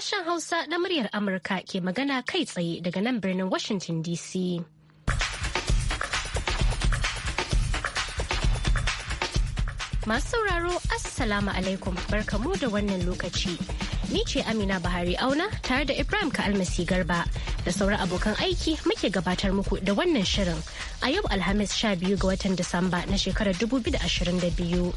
Sashen Hausa na muryar Amurka ke magana kai tsaye daga nan birnin Washington DC. Masu sauraro, Assalamu alaikum barkamu da wannan lokaci. ni ce Amina Bahari Auna tare da Ibrahim kalmasi Garba da sauran abokan aiki muke gabatar muku da wannan shirin a yau Alhamis 12 ga watan Disamba na shekarar 2022.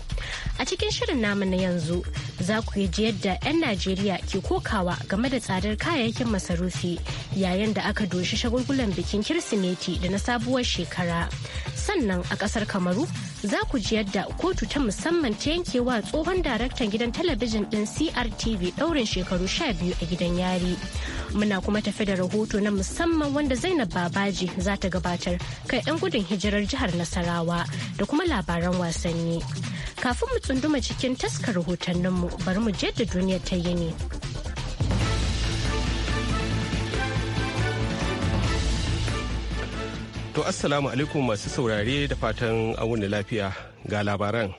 A cikin shirin namu na yanzu za ku yi ji yadda 'yan Najeriya ke kokawa game da tsadar kayayyakin masarufi yayin da aka doshi shagulgulan bikin Kirsimeti da na sabuwar shekara. Sannan a kasar Kamaru za ku ji yadda kotu ta musamman ta yankewa tsohon daraktan gidan talabijin ɗin CRTV ɗaure daurin shekaru sha biyu a gidan yari muna kuma tafi da rahoto na musamman wanda zainab babaji za ta gabatar kan 'yan gudun hijirar jihar nasarawa da kuma labaran wasanni kafin mu tsunduma cikin taskar rahotanninmu bari mu je da duniyar ta ne. To assalamu alaikum masu saurare da fatan an lafiya ga labaran.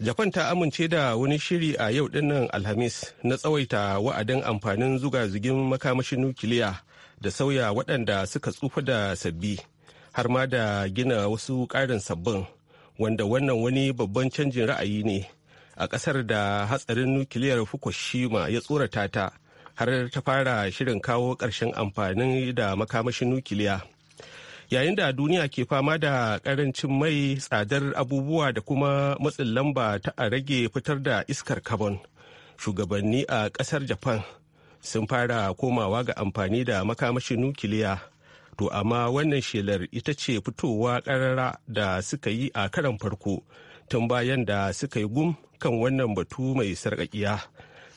japan ta amince da wani shiri a yau dinnan alhamis na tsawaita wa'adin amfanin zuga-zugin makamashin nukiliya da sauya waɗanda suka tsufa da sabbi har ma da gina wasu ƙarin sabbin wanda wannan wani babban canjin ra'ayi ne a ƙasar da hatsarin nukiliyar fukushima ya tsorata ta har ta fara shirin kawo ƙarshen amfani da makamashin nukiliya. yayin da duniya ke fama da karancin mai tsadar abubuwa da kuma matsin lamba ta a rage fitar da iskar carbon shugabanni a kasar japan sun fara komawa ga amfani da makamashin nukiliya to amma wannan shelar ita ce fitowa karara da suka yi a karan farko tun bayan da suka yi gum kan wannan batu mai sarƙaƙiya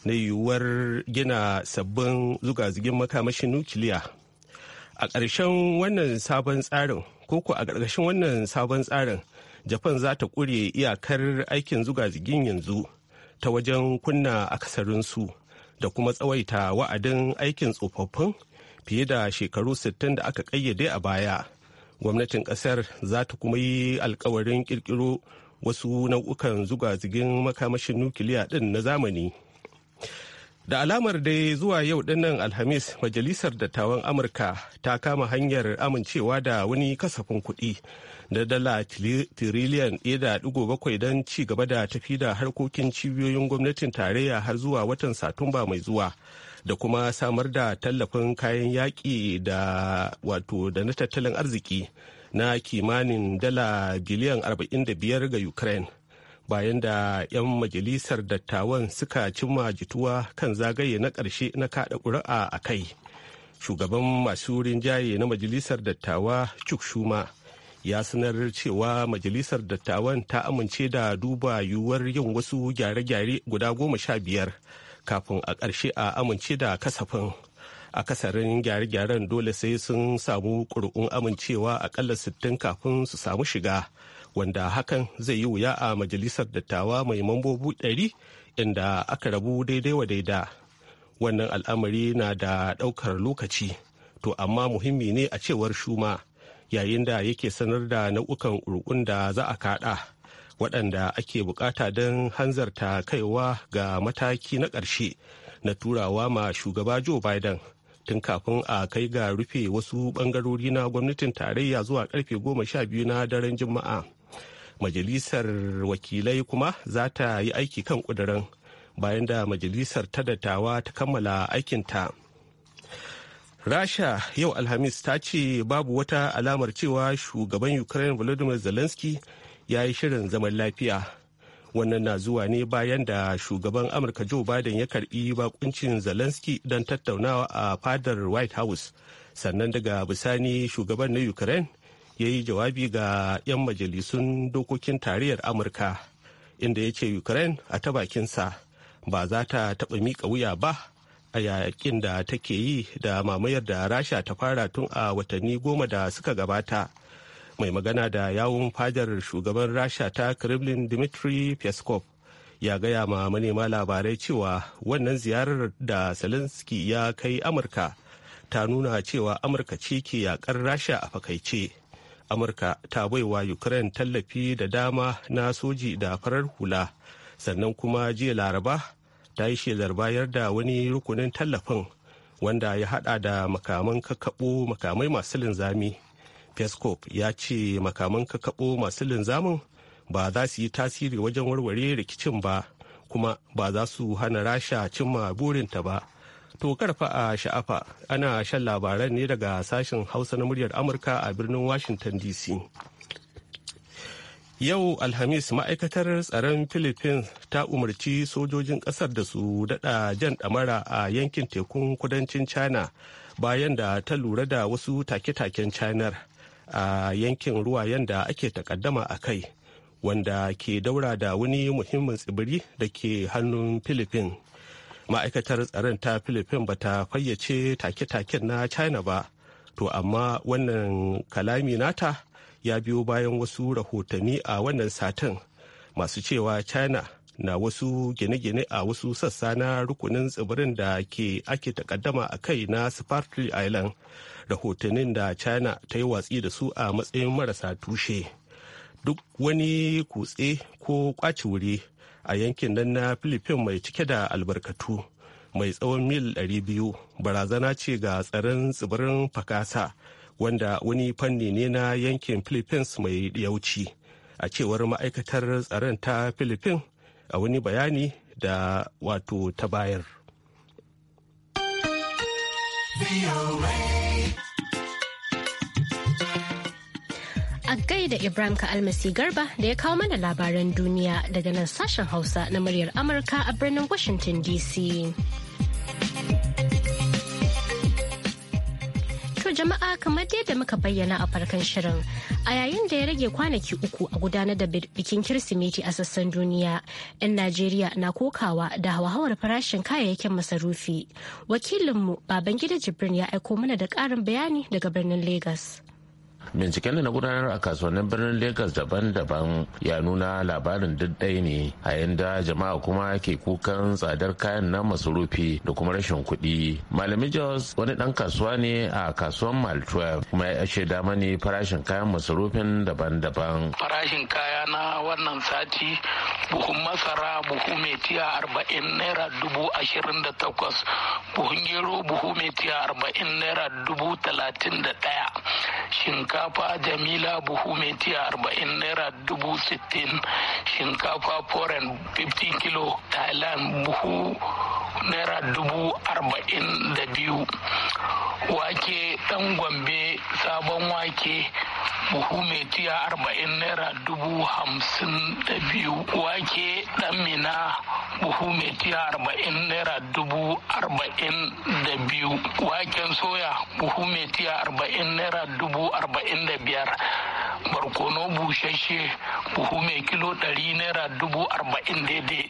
na yiwuwar gina sabbin zuga zuga-zugin makamashin nukiliya a ƙarshen wannan sabon tsarin koko a ƙarƙashin wannan sabon tsarin japan za ta ƙure iyakar aikin zuga jigin yanzu ta wajen kunna akasarinsu da kuma tsawaita wa'adin aikin tsofaffin fiye da shekaru 60 da aka ƙayyade a baya gwamnatin ƙasar za ta kuma yi alkawarin ƙirƙiro wasu nau'ukan zuga zigin makamashin nukiliya ɗin na zamani da alamar dai zuwa yau dinnan alhamis majalisar dattawan amurka ta kama hanyar amincewa da wani kasafin kuɗi da dala tiriliyan bakwai don ci gaba da tafi da harkokin cibiyoyin gwamnatin tarayya har zuwa watan satumba mai zuwa da kuma samar da tallafin kayan yaƙi da wato da na tattalin arziki na kimanin dala biliyan 45 ga ukraine bayan da 'yan majalisar dattawan suka cimma jituwa kan zagaye na ƙarshe na kaɗa ƙuri'a a kai shugaban masu jaye na majalisar dattawa chuk shuma ya sanar cewa majalisar dattawan ta amince da duba yiwuwar yin wasu gyare-gyare guda goma sha biyar kafin a ƙarshe a amince da kasafin a akasarin gyare-gyaren dole sai sun samu ƙuri'un amincewa aƙalla sittin kafin su samu shiga wanda hakan zai yi wuya a majalisar dattawa mai mambobi ɗari inda aka rabu daidai wa daida wannan al'amari na da ɗaukar lokaci to amma muhimmi ne a cewar shuma yayin da yake sanar da nau'ukan urkun da za a kaɗa waɗanda ake bukata don hanzarta kaiwa ga mataki na ƙarshe na turawa ma shugaba joe biden tun kafin a kai ga rufe wasu ɓangarori na gwamnatin tarayya zuwa karfe goma sha biyu na daren juma'a majalisar wakilai kuma za ta yi aiki kan kudirin bayan da majalisar ta dattawa ta kammala aikinta rasha yau alhamis ta ce babu wata alamar cewa shugaban ukraine volodymyr zelensky ya yi shirin zaman lafiya wannan na zuwa ne bayan da shugaban amurka joe biden ya karbi bakuncin zelensky don tattaunawa a fadar white house sannan daga bisani shugaban na ukraine ya yi jawabi ga 'yan majalisun dokokin tarayyar amurka inda ya ce ukraine a ta bakinsa ba za ta taɓa miƙa wuya ba a yakin da take yi da mamayar da rasha ta fara tun a watanni goma da suka gabata mai magana da yawun fadar shugaban rasha ta kremlin dmitry peskov ya gaya ma manema labarai cewa wannan ziyarar da zelensky ya kai amurka ta nuna cewa amurka ce ke yakar rasha a fakaice amurka ta baiwa ukraine tallafi da dama na soji da farar hula sannan kuma jiya laraba ta yi shelar bayar da wani rukunin tallafin wanda ya hada da makaman kakabo makamai masu linzami peskov ya ce makaman kakaɓo masu linzamin ba za su yi tasiri wajen warware rikicin ba kuma ba za su hana rasha cimma burinta ba To karfa a sha'afa ana shan labaran ne daga sashen Hausa na muryar Amurka a birnin Washington DC. Yau Alhamis ma'aikatar tsaron Philippines ta umarci sojojin ƙasar da su daɗa jan ɗamara a yankin tekun kudancin China bayan da ta lura da wasu take-taken China a yankin ruwayen da ake takaddama a kai wanda ke daura da wani muhimmin tsibiri da ke hannun Philippines. ma'aikatar tsaron ta philippine ba ta fayyace take-taken na china ba to amma wannan kalami nata ya biyo bayan wasu rahotanni a wannan satin masu cewa china na wasu gine-gine a wasu sassa na rukunin tsibirin da ke ake takaddama a kai na sparkle island rahotannin da china ta yi watsi da su a matsayin marasa tushe duk wani kutse ko kwaci wuri a yankin nan na philippines mai cike da albarkatu mai tsawon mil 200 barazana ce ga tsaron tsibirin fakasa wanda wani fanni ne na yankin philippines mai yauci a cewar ma'aikatar tsaron ta philippines a wani bayani da wato ta bayar. a gaida Ibrahim ka Almasi Garba da ya kawo mana labaran duniya daga nan sashen Hausa na muryar Amurka a birnin Washington DC. jama'a kamar da muka bayyana a farkon shirin a yayin da ya rage kwanaki uku a gudanar da bikin kirsimeti a sassan duniya 'yan najeriya na kokawa da hauhawar farashin kayayyakin masarufi wakilinmu babangida jibrin ya aiko mana da ƙarin bayani daga birnin Legas. binciken da na gudanar a kasuwannin birnin lagos daban-daban ya nuna labarin daddai ne a yanda jama'a kuma ke kukan tsadar kayan na masurufi da kuma rashin kuɗi malami jos wani ɗan kasuwa ne a kasuwan mal 12 kuma ya dama ne farashin kayan masurufin daban-daban farashin kaya na wannan sati buhun masara buhu metiya arba'in naira dubu ashirin da takwas buhun gero buhu metiya arba'in naira dubu talatin da ɗaya shinkafa shinkafa jamila buhu mai tiya arba'in naira dubu sittin shinkafa foreign 50 kilo thailand buhu naira dubu arba'in da biyu wake dan gombe sabon wake buhu tiya arba'in naira dubu hamsin da biyu wake damina mina buhu arba'in naira dubu arba'in da biyu waken soya buhu tiya arba'in naira dubu arba'in da biyar barkono bushe buhu mai kilo ɗari naira dubu arba'in daidai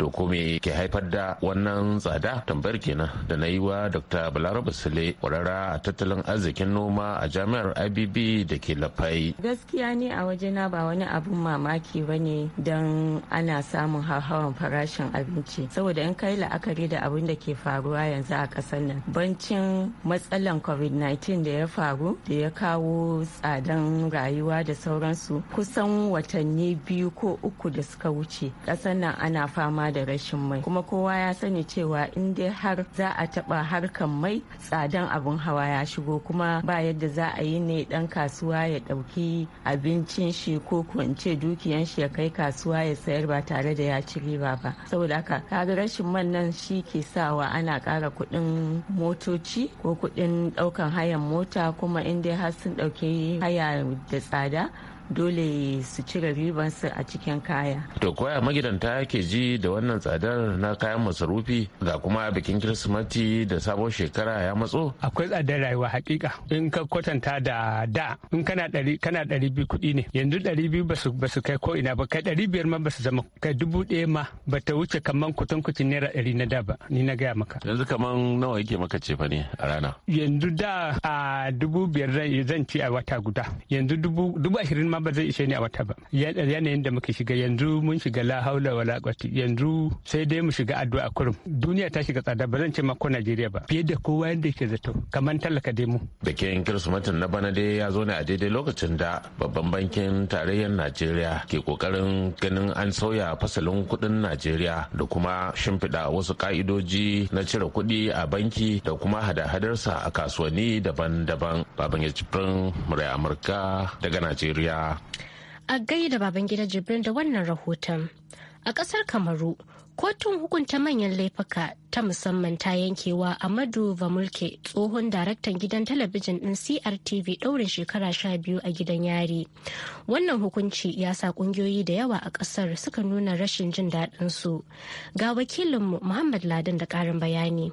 to ko me ke haifar da wannan tsada tambayar kenan da na yi wa dr balaraba sule kwararra a tattalin arzikin noma a jami'ar ibb da ke lafai gaskiya ne a wajena ba wani abun mamaki ba ne don ana samun hauhawan farashin abinci saboda in kai la'akari da abin da ke faruwa yanzu a ƙasar nan bancin matsalan covid-19 da ya faru da ya kawo tsadan rayuwa da sauransu kusan watanni biyu ko uku da suka wuce ƙasar nan ana fama da rashin mai kuma kowa ya sani cewa in dai har za a taba harkan mai tsadan abin hawa ya shigo kuma ba yadda za a yi ne dan kasuwa ya dauki abincin shi ko kwance dukiyan shi ya kai kasuwa ya sayar ba tare da ya ci riba ba saboda haka kaga rashin man nan shi ke sawa ana kara kuɗin motoci ko kuɗin daukan hayan mota kuma in dai har sun dauki haya da tsada dole su cire ribansu a cikin kaya. To koya magidanta ke ji da wannan tsadar na kayan masarufi ga kuma bikin Kirsimati da sabon shekara ya matso? Akwai tsadar rayuwa hakika in ka kwatanta da da in kana ɗari kana ɗari biyu kuɗi ne yanzu ɗari biyu ba su kai ko ina ba kai ɗari biyar ma ba su zama kai dubu ɗaya ma ba ta wuce kaman kutun kucin naira ɗari na da ba ni na gaya maka. Yanzu kaman nawa yake maka ce fa ne a rana? Yanzu da a dubu biyar zan ci a wata guda yanzu dubu ashirin ma ba zai ishe ni a wata ba yanayin da muka shiga yanzu mun shiga la haula wala quwwata yanzu sai dai mu shiga addu'a kurum duniya ta shiga tsada ba zan ce ma ko Najeriya ba fiye da kowa yanda yake zato kamar talaka dai mu bikin kirsimatin na bana dai ya zo ne a daidai lokacin da babban bankin tarayyar Najeriya ke kokarin ganin an sauya fasalin kuɗin Najeriya da kuma shimfiɗa wasu ka'idoji na cire kuɗi a banki da kuma hada-hadarsa a kasuwanni daban-daban babban ya cifin Amurka daga Najeriya A gaida baban gida Jibrin da wannan rahoton. A ƙasar Kamaru, kotun hukunta manyan laifuka ta musamman ta yankewa Amadu Vamulke tsohon daraktan gidan talabijin ɗin CRTV ɗaurin shekara sha biyu a gidan yari. Wannan hukunci ya sa ƙungiyoyi da yawa a ƙasar suka nuna rashin jin daɗinsu. Ga wakilinmu Muhammad Ladin da ƙarin bayani.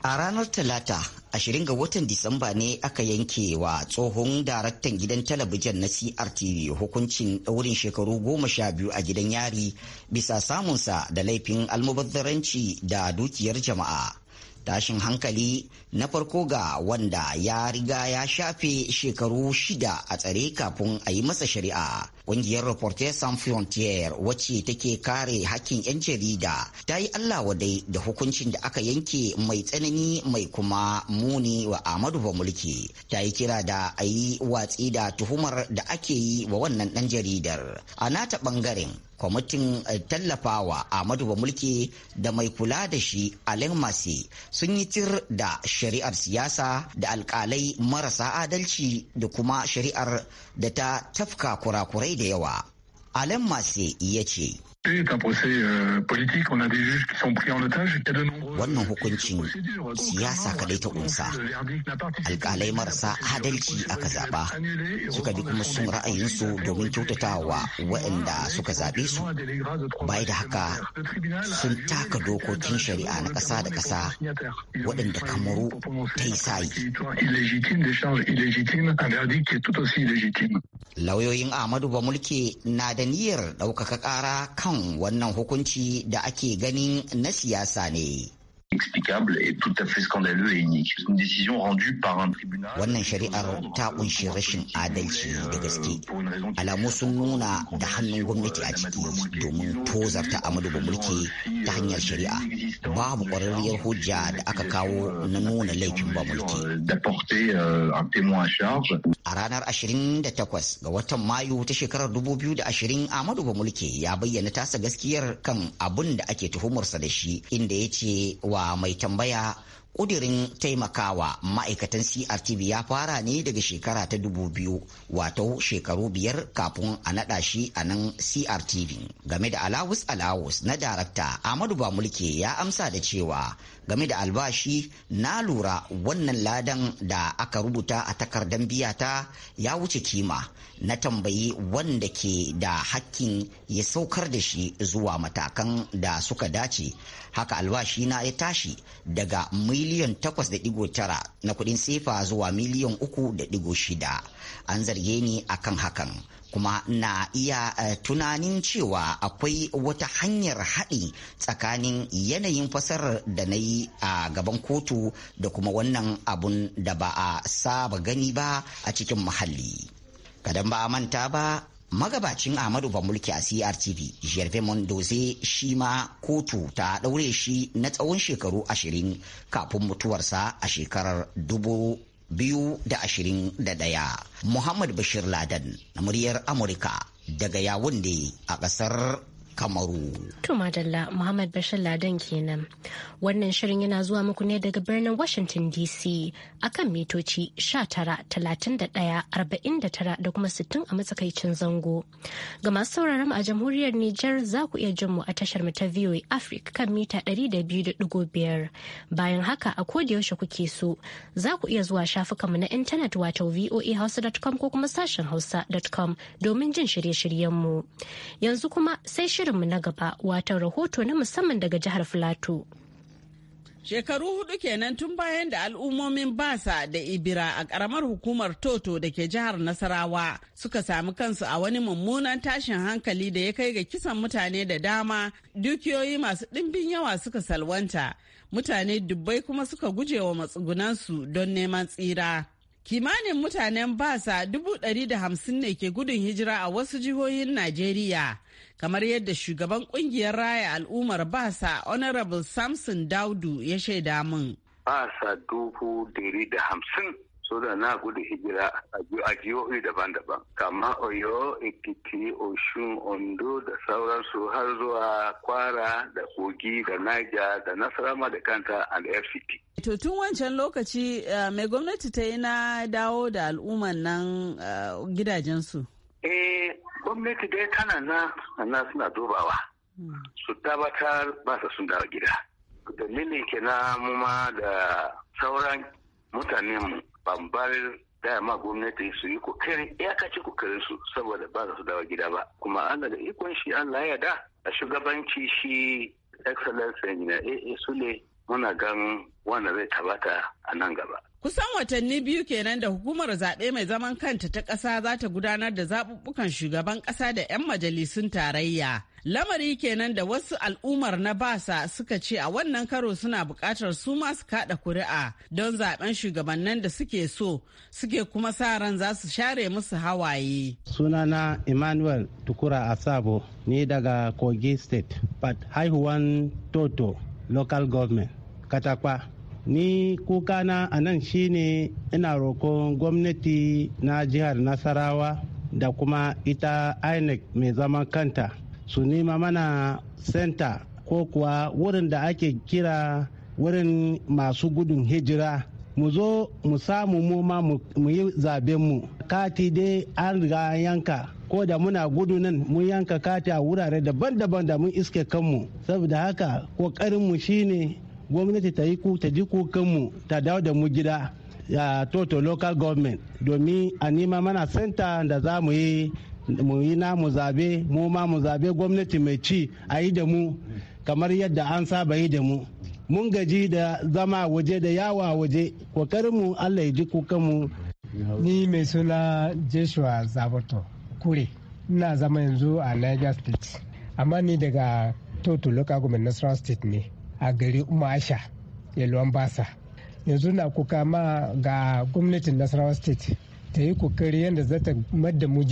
A ranar Talata, 20 ga watan Disamba ne aka yanke wa tsohon daraktan gidan talabijin na CRTV hukuncin ɗaurin shekaru goma sha biyu a gidan yari bisa samunsa da laifin almubazzaranci da dukiyar jama'a. tashin hankali na farko ga wanda ya riga ya shafe shekaru shida a tsare kafin a yi masa shari'a ƙungiyar reporters sans frontier wacce take kare hakkin 'yan jarida ta yi allah wadai da hukuncin da aka yanke mai tsanani mai kuma muni wa amadu ba mulki. ta yi kira da a yi watsi da tuhumar da ake yi wa wannan ɗan jaridar a nata ɓangaren kwamitin eh, tallafawa Ahmadu Mulki da mai kula da shi Alain Masi sun yi tir da shari'ar siyasa da alkalai marasa adalci da kuma shari'ar da ta tafka kurakurai da yawa. Alain Masi ya ce. procès est un procès euh, politique. On a des juges qui sont pris en otage. Il y a de nombreux. Wannan hukuncin siyasa kadai ta kunsa. Alƙalai marasa adalci aka zaba suka bi kuma sun ra'ayinsu domin kyautatawa waɗanda suka zaɓe su. Bai da haka sun taka dokokin shari'a na ƙasa da ƙasa waɗanda Kamaru ta yi sayi. Lauyoyin Ahmadu Bamulke na da niyyar ɗaukaka ƙara kan wannan hukunci da ake ganin na siyasa ne inexplicable et tout à fait scandaleux et unique. Une décision rendue par un tribunal. Wannan shari'ar ta kunshi rashin adalci da gaske. Alamu sun nuna da hannun gwamnati a euh, ciki domin tozarta Amadu mulki ta hanyar euh, shari'a. Babu ƙwararriyar hujja da aka kawo na euh, nuna laifin Bamulke. A ranar 28 ga watan Mayu ta shekarar 2020 Amadu Bamulke ya bayyana tasa gaskiyar kan abun da ake tuhumarsa da shi inda ya ce wa wa mai tambaya kudirin taimakawa ma'aikatan crtv ya fara ne daga shekara ta dubu biyu wato shekaru biyar kafin a naɗa shi a nan crtv game da alawus alawus na darakta amadu bamulke ya amsa da cewa game da albashi na lura wannan ladan da aka rubuta a takardar biyata ya wuce kima na tambayi wanda ke da hakkin ya saukar da shi zuwa matakan da suka dace haka albashi na ya tashi daga miliyan 8.9 na kudin sefa zuwa miliyan 3.6 an zarge ni akan hakan kuma na iya eh, tunanin cewa akwai wata hanyar haɗi tsakanin yanayin fasar da na yi a gaban kotu da kuma wannan abun da ba a saba gani ba a cikin muhalli kadan ba a manta ba magabacin Amadu ba mulki a CRTV, Gervais Mondoze shi ma kotu ta daure shi na tsawon shekaru ashirin kafin mutuwarsa a shekarar dubu biyu da ashirin da ɗaya. Muhammad Bashir Laden, muryar Amurka daga yawon a ƙasar kamaru. To Madalla Muhammad Bashir Ladan kenan. Wannan shirin yana zuwa muku ne daga birnin Washington DC akan mitoci sha tara, talatin da kuma 60 a matsakaicin zango. Ga masu sauraron a jamhuriyar Nijar za ku iya jin mu a tashar mu ta VOA Africa kan mita 200.5. Bayan haka a yaushe kuke so za ku iya zuwa shafukanmu na intanet wato voahausa.com ko kuma sashen hausa.com domin jin shirye-shiryenmu. Yanzu kuma sai shirin shirinmu na gaba wato rahoto na musamman daga jihar Filato. Shekaru hudu kenan tun bayan da al'ummomin Basa da Ibira a karamar hukumar Toto da ke jihar Nasarawa suka sami kansu a wani mummunan tashin hankali da ya kai ga kisan mutane da dama, dukiyoyi masu ɗimbin yawa suka salwanta, mutane dubbai kuma suka guje wa matsugunansu don neman tsira. Kimanin mutanen Basa dubu ɗari da hamsin ne ke gudun hijira a wasu jihohin Najeriya. kamar yadda shugaban kungiyar raya al'ummar basa honorable samson daudu ya shaida min basa dubu dari da hamsin so da na gudu hijira a jihohi daban-daban kama oyo ekiti oshun ondo da sauransu har zuwa kwara da kogi da naija da nasarama da kanta and fct to tun wancan lokaci eh, mai gwamnati ta yi na dawo da al'umman nan eh, gidajensu eh gwamnati dai tana na sannan suna dubawa hmm. su tabbatar ba su sun dawo gida dalilin ke na muma da sauran mutanen mu bar dama gwamnati su yi kokari kaci kokarin su saboda ba su dawo gida ba kuma ana da ikon shi an layada. a shugabanci shi excellence engineer AA Sule muna gan wanda zai tabata a nan gaba. Kusan watanni biyu kenan da hukumar zaɓe mai zaman kanta ta ƙasa za ta gudanar da zaɓuɓɓukan shugaban ƙasa da 'yan majalisun tarayya. Lamari kenan da wasu al'ummar na basa suka ce a wannan karo suna buƙatar su ma su kaɗa kuri'a don zaɓen shugabannin da suke so suke kuma sa ran za su share musu hawaye. Sunana Emmanuel Tukura Asabo ni daga Kogi State, but haihuwan Toto local government. katakwa ni kukana a nan shine ina roƙon gwamnati na jihar nasarawa da kuma ita inec mai zaman kanta su nema mana senta ko kuwa wurin da ake kira wurin masu gudun hijira mu zo mu samu mu ma mu yi mu kati dai an riga yanka ko da muna gudu nan mun yanka kati a wurare daban-daban da mun iske kanmu saboda haka ƙoƙarinmu shine gwamnati ta yi ta ji kukanmu ta dawo da mu gida ya toto local government domin a nima mana senta da za mu yi mu yi na mu zabe mu ma mu zabe gwamnati mai ci a yi da mu kamar yadda an saba yi da mu mun gaji da zama waje da yawa waje mu allah ya ji kukanmu ni mai suna joshua zaboto kure ina zama yanzu a niger state amma ni daga toto local government nasarawa state ne a gari umasha yalwan basa yanzu na kuka ma ga gwamnatin nasarawa state ta yi kokari yadda za ta madda mu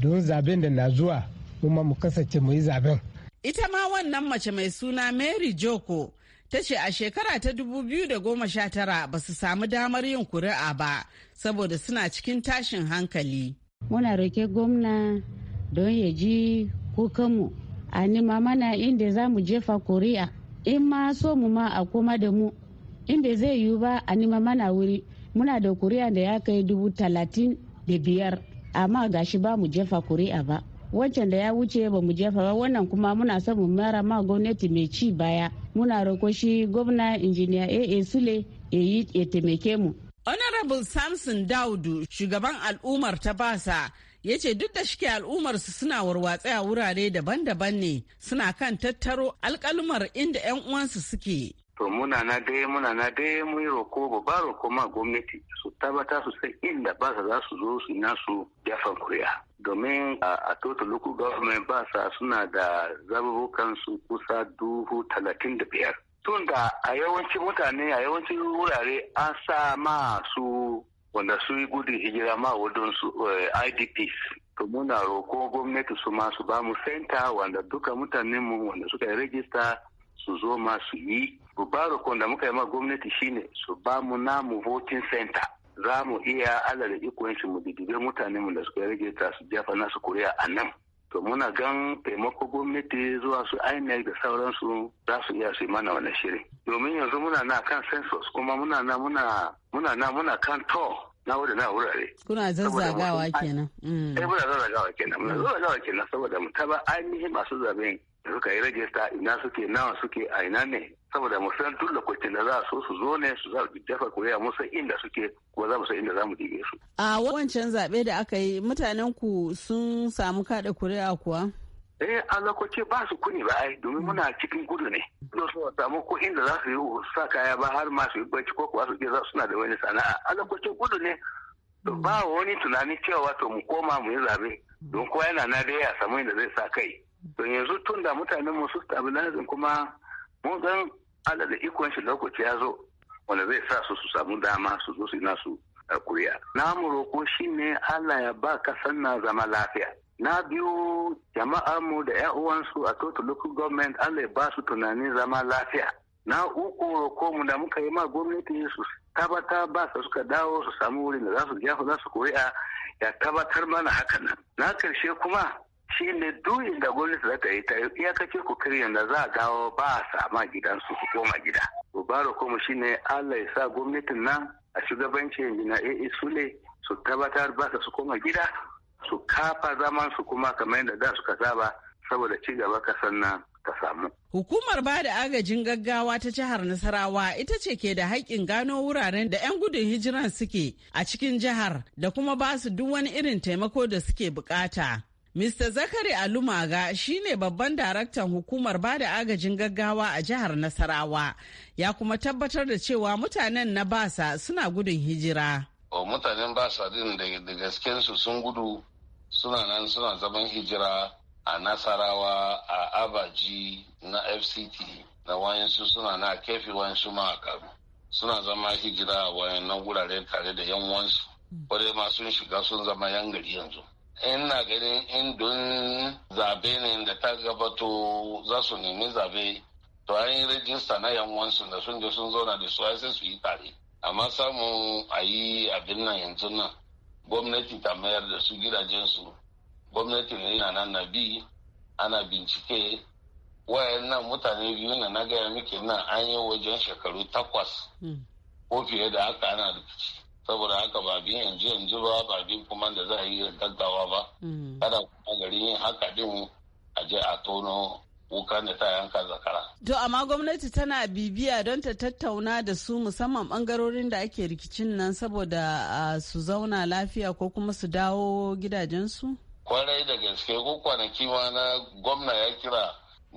don zaben da na zuwa kuma mu kasance mu yi zaben ita ma wannan mace mai suna mary joko ta ce a shekara ta 2019 ba su samu damar yin kuri'a ba saboda suna cikin tashin hankali muna roke gwamna don ya ji kukanmu a nima mana inda za mu jefa kuri'a in ma so mu ma a koma da mu in bai zai yiwu ba a nima mana wuri muna da kuri'a da ya kai dubu talatin da biyar amma gashi ba mu jefa kuri'a ba wancan da ya wuce ba mu jefa ba wannan kuma muna son mu mara ma gwamnati mai ci baya muna roko shi gwamna injiniya aa sule ya taimake mu honorable samson daudu shugaban al'ummar ta basa ya ce duk da shike al'ummarsu suna warwatse a wurare daban-daban ne suna kan tattaro alkalmar inda 'yan uwansu suke to muna na dai muna na dai mu yi roko ba roko ma gwamnati su tabbata su san inda ba sa za su zo su yi nasu jafan kuriya domin a total local government ba sa suna da zabubukan su kusa duhu talatin da biyar tun da a yawancin mutane a yawancin wurare an sa ma su wanda su yi gudun hijira ma su eh, idps to muna roko gwamnati su ma su ba mu senta wanda duka mutanenmu wanda suka yi rajista su zo ma su yi rubarukun da muka yi ma gwamnati shine su ba mu namu voting center za mu iya alal ikon mu didibe mutane mu da suka yi rajista su jefa nasu kuri'a a nan to muna gan taimako gwamnati zuwa su INEC da sauransu za su iya su yi mana wani shiri domin yanzu muna na kan census kuma muna na muna muna na muna kan to na wuri na wurare kuna zazzagawa kenan mm. eh muna zazzagawa kenan muna zazzagawa kenan saboda mu taba ainihin masu zaben suka yi rajista ina suke nawa suke a ina ne saboda mu san duk lokacin da za su su zo ne su za su dafa kuri'a mu san inda suke kuma za mu san inda za mu dibe su. A wancan zaɓe da aka yi mutanen ku sun samu kaɗa kuri'a kuwa? eh a lokaci ba su kuni ba ai domin muna cikin gudu ne so su samu ko inda za su yi sa kaya ba har ma su yi bacci ko kuwa su je za suna da wani sana'a a lokacin gudu ne ba wani tunani cewa to mu koma mu yi zabe don kowa yana na dai ya samu inda zai sa kai don yanzu tun da mutanen mu su stabilizing kuma mun san Allah da ikon shi lokaci ya zo wanda zai sa su su samu dama su zo su nasu kuriya. Na roko shi ne Allah ya ba kasan na zama lafiya. Na biyu jama'a mu da 'yan uwansu a total local government Allah ya ba su tunanin zama lafiya. Na uku roko mu da muka yi ma gwamnati su tabbata ba su suka dawo su samu wurin da za su jafa za su kuri'a ya tabbatar mana hakan nan. Na karshe kuma shi ne duyin da gwamnati za ta yi ta iyakacin kokarin da za a dawo ba a sama gidansu su koma gida. Gobaro kuma shi ne Allah ya sa gwamnatin nan a yanzu na AA e Sule su tabbatar ba su koma gida su kafa zaman su kuma kamar yadda da suka saba saboda ci gaba ka nan ta samu. Hukumar ba da agajin gaggawa ta jihar Nasarawa ita ce ke da haƙƙin gano wuraren da 'yan gudun hijiran suke a cikin jihar da kuma ba su duk wani irin taimako da suke bukata. Mr. Zakari Alumaga shi ne babban daraktan hukumar bada agajin gaggawa a jihar Nasarawa ya kuma tabbatar da cewa mutanen na basa suna gudun hijira. Oh, mutanen basa din da gaskensu sun gudu suna nan suna zaman hijira a Nasarawa a Abaji na FCT da wayansu suna na kefi wayansu ma suna zama hijira a wayannan wurare tare da yan wansu. Wadai hmm. ma sun shiga sun zama yan gari yanzu. ina ganin in don zabe ne da ta gabato za su nemi zabe to an yi rajista na yanwansu da sun je sun zauna da su sai su yi tare amma samun a yi abin nan yanzu nan gwamnati ta mayar da su gidajensu gwamnati ne na nan na bi ana bincike wayan nan mutane biyu na na gaya muke nan an yi wajen shekaru takwas hmm. ko fiye da haka ana rikici saboda haka ba bin yanzu yanzu ba ba bin kuma da za a yi gaggawa ba mm. kada kuma gari yin haka din a je a tono wuka da ta yanka zakara. To amma gwamnati tana bibiya don ta tattauna da su musamman bangarorin da ake rikicin nan saboda su zauna lafiya ko kuma su dawo gidajensu? Kwarai da gaske ko kwanaki ma na gwamna ya kira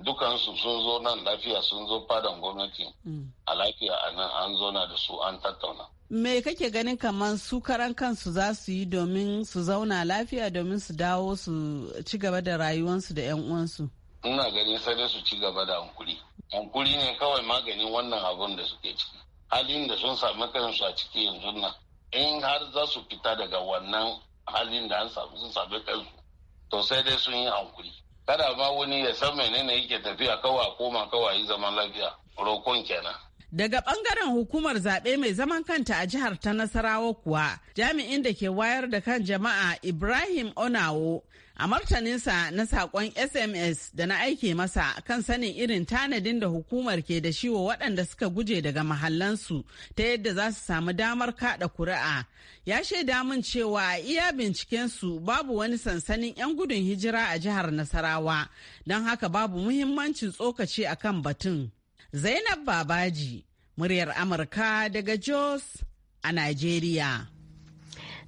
dukansu sun zo nan lafiya sun zo fadan gwamnati mm. a lafiya a nan an da su an tattauna. Me kake ganin kamar su karan kansu za su yi domin su zauna lafiya domin su dawo su ci gaba da rayuwansu da 'yan uwansu? Ina ganin sai su ci gaba da hankuri. Hankuri ne kawai maganin wannan abun da suke ciki. Halin da sun sami kansu a ciki yanzu nan. In har za su fita daga wannan halin da sun sami kansu, to sai dai sun yi hankuri. kada ma wani ya san menene yake tafiya kawai a koma kawai zaman lafiya rokon kenan Daga bangaren hukumar zaɓe mai zaman kanta a jihar ta Nasarawa kuwa, jami'in da ke wayar da kan jama'a Ibrahim Onawo a martaninsa na saƙon SMS da na aike masa kan sanin irin tanadin da hukumar ke da shi wa waɗanda suka guje daga mahallansu ta yadda za su samu damar kaɗa kuri'a. Ya shaida min cewa a iya bincikensu babu wani sansanin 'yan gudun hijira a jihar Nasarawa, don haka babu muhimmancin tsokaci akan batun. Zainab Babaji, muryar Amurka daga Jos a Najeriya.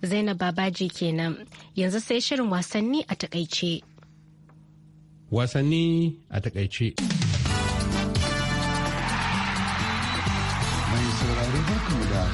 Zainab Babaji kenan yanzu sai shirin wasanni a takaice. Wasanni a takaice.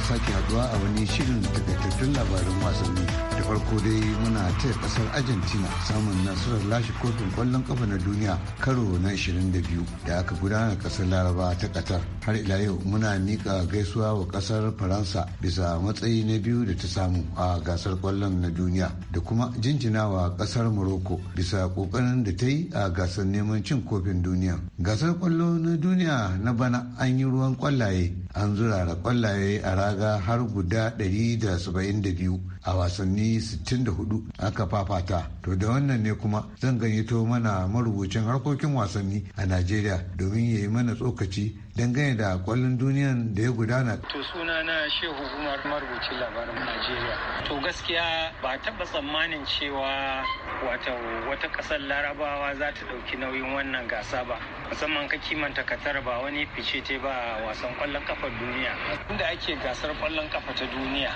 sake haduwa a wani shirin takaitattun labarin wasanni da farko dai muna ta kasar argentina samun nasarar lashe kofin kwallon kafa na duniya karo na 22 da aka gudana kasar laraba ta qatar har ila yau muna mika gaisuwa wa kasar faransa bisa matsayi na biyu da ta samu a gasar kwallon na duniya da kuma jinjinawa kasar morocco bisa kokarin da ta yi a gasar neman cin kofin duniya gasar kwallo na duniya na bana an yi ruwan kwallaye an zurara kwallaye a raga har guda 172 a wasanni 64 aka fafata to da wannan ne kuma zan gayyato mana marubucin harkokin wasanni a najeriya domin ya yi mana tsokaci dangane da kwallon duniyan da ya gudana. To suna na Shehu Umar marubucin labarin Najeriya. To gaskiya ba taba tsammanin cewa wata wata ƙasar Larabawa za ta ɗauki nauyin wannan gasa ba. Musamman ka kimanta Katar ba wani fice ta ba wasan kwallon kafa duniya. Inda ake gasar kwallon kafa ta duniya.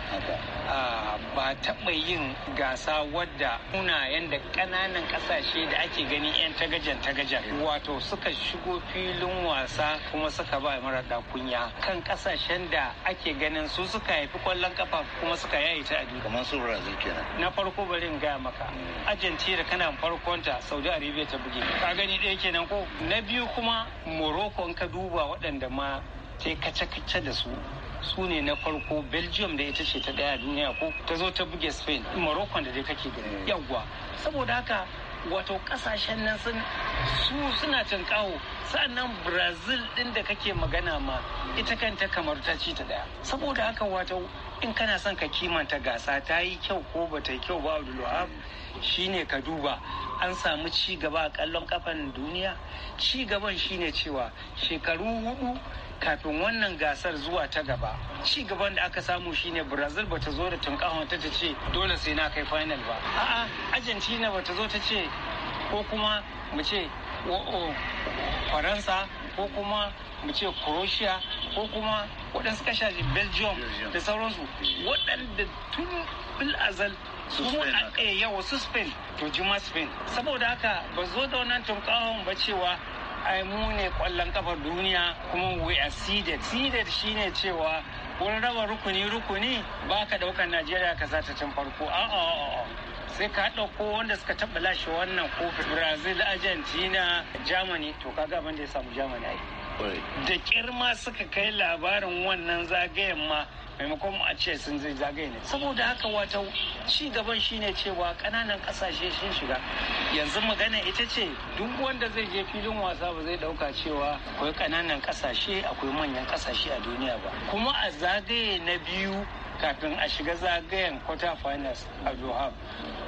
ba taɓa yin gasa wadda muna yadda ƙananan ƙasashe da ake gani 'yan tagajen tagajen wato suka shigo filin wasa kuma suka ba mara kunya kan ƙasashen da ake ganin su suka haifi ƙwallon ƙafa kuma suka yayi ta a kamar su brazil kenan na farko bari in gaya maka hmm. argentina kana farkon ta saudi arabia ta buge ka gani ɗaya kenan ko na biyu kuma morocco in ka duba waɗanda ma sai kace-kace da su su ne na farko belgium da ita ce ta daya duniya ko ta zo ta buge spain morocco da dai kake gani mm. yawwa saboda haka wato kasashen nan sun su suna kawo sa'annan brazil din da kake magana ma ita kanta kamar ta ci ta daya saboda haka wato in kana son ka kimanta gasa ta yi kyau ko ba ta yi kyau ba abdulwahab shine ka duba an samu ci gaba a kallon kafan duniya ci gaban shine cewa shekaru hudu kafin wannan gasar zuwa ta gaba ci gaban da aka samu shine brazil bata zo da tunkahon ta ce dole sai na kai final ba a'a argentina bata zo ta ce ko kuma mu ce faransa ko kuma mu ce croatia ko kuma waɗansu kasashe belgium da sauransu waɗanda tun bil azal su eh, yawa su spain to jima spain saboda haka ba zo da wannan tunkahon ba cewa ai mu ne kwallon kafar duniya kuma we are seeded seeded shine cewa wani raba rukuni rukuni ba ka daukan najeriya ka ta can farko a'a sai ka ko wanda suka taɓa lashe wannan kofi brazil argentina germany to kaga abin da ya samu germany ai da kirma suka kai labarin wannan zagayen ma maimakon a ce sun zai zagaye ne saboda haka wata ci gaban shine cewa kananan kasashe sun shiga yanzu magana ita ce duk wanda zai je filin wasa ba zai dauka cewa akwai kananan kasashe akwai manyan kasashe a duniya ba kuma a zagaye na biyu kafin a shiga zagayen quarter finals a Doha.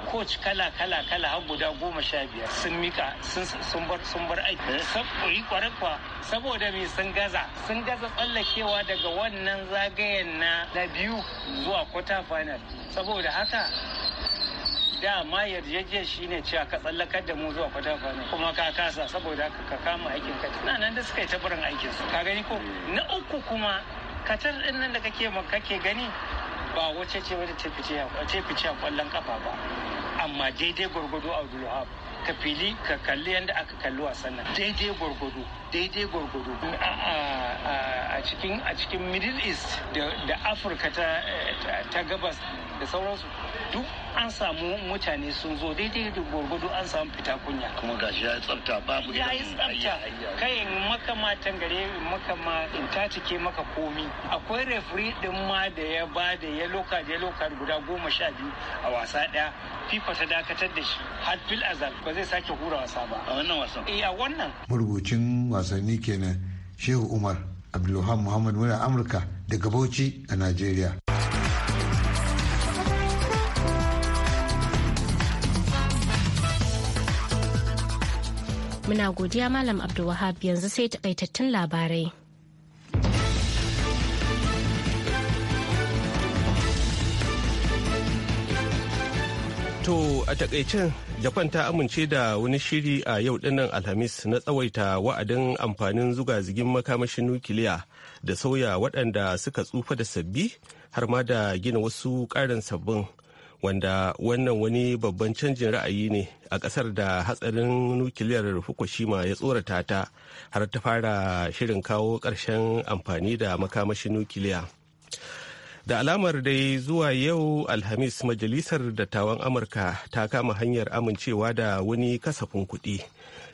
Coach kala kala kala har guda goma sha biyar sun mika sun bar sun bar aiki. Sabori kwarakwa saboda me sun gaza sun gaza tsallakewa daga wannan zagayen na na biyu zuwa quarter final. Saboda haka dama shi shine cewa ka tsallakar da mu zuwa quarter final. kuma ka kasa saboda ka kama aikin ka tana nan da suka yi ta barin aikin su ka gani ko eh. na uku kuma katar din nan da kake kake gani ba wace ce wata ta a kwallon kafa ba amma daidai gwargwado abdulhab ka fili ka kalli yadda aka kalli wasan nan daidai gwargwado daidai gwargwado a cikin a cikin middle east da afirka ta gabas da sauransu duk an samu mutane sun zo daidai da gwargwado an samu fita kunya kuma gashi ya yi tsafta babu ya yi tsafta kayan makama tangare makama in ta cike maka komi akwai refri din ma da ya ba da ya loka da ya loka guda goma sha biyu a wasa daya fifa ta dakatar da shi hadfil azal ba zai sake hura wasa ba a wannan wasan eh a wannan marubucin wasanni kenan shehu umar abdulluhan muhammad muna amurka daga bauchi a najeriya Muna godiya Malam Abdulwahab yanzu sai takaitattun labarai. To a takaicin japan ta amince da wani shiri a yau dinnan alhamis na tsawaita wa'adin amfanin zuga-zigin makamashin nukiliya da sauya waɗanda suka tsufa da sabbi har ma da gina wasu ƙarin sabbin wanda wannan wani babban canjin ra'ayi ne a ƙasar da hatsarin nukiliyar fukushima ya tsorata ta har ta fara shirin kawo ƙarshen amfani da makamashin nukiliya. da alamar dai zuwa yau alhamis majalisar dattawan amurka ta kama hanyar amincewa da wani kasafin kuɗi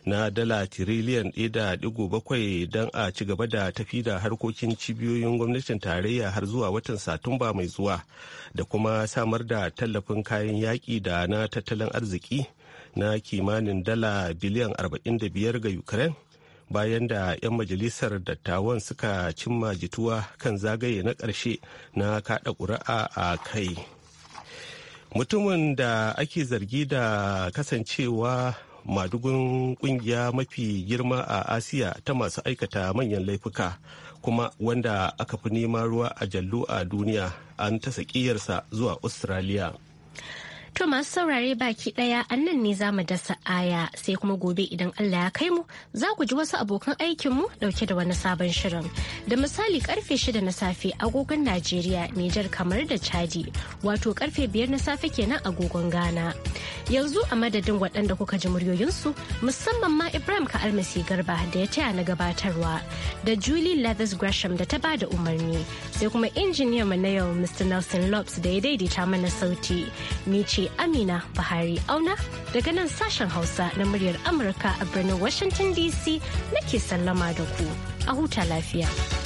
na dala tiriliyan da digo bakwai don a ci gaba da tafi da harkokin cibiyoyin gwamnatin tarayya har zuwa watan satumba mai zuwa da kuma samar da tallafin kayan yaƙi da na tattalin arziki na kimanin dala biliyan 45 ga ukraine bayan da 'yan majalisar dattawan suka cimma jituwa kan zagaye na ƙarshe na kaɗa ƙuri'a a kai mutumin da ake zargi da kasancewa madugun kungiya mafi girma a asiya ta masu aikata manyan laifuka kuma wanda aka fi neman ruwa a jallu a duniya an ta sakiyarsa zuwa australia To masu saurare baki ɗaya an ne za mu dasa aya sai kuma gobe idan Allah ya kai mu za ku ji wasu abokan aikinmu dauke da wani sabon shirin. Da misali karfe shida na safe agogon Najeriya Nijar kamar da Chadi wato karfe biyar na safe kenan agogon Ghana. Yanzu a madadin waɗanda kuka ji muryoyin su musamman ma Ibrahim ka almasi garba da ya taya na gabatarwa da Julie Leathers Gresham da ta ba da umarni sai kuma injiniyan mu na yau Mr. Nelson Lopes da ya daidaita mana sauti. Ni ce Amina Bahari Auna daga nan sashen Hausa na muryar Amurka a birnin Washington DC nake sallama da ku. A huta lafiya.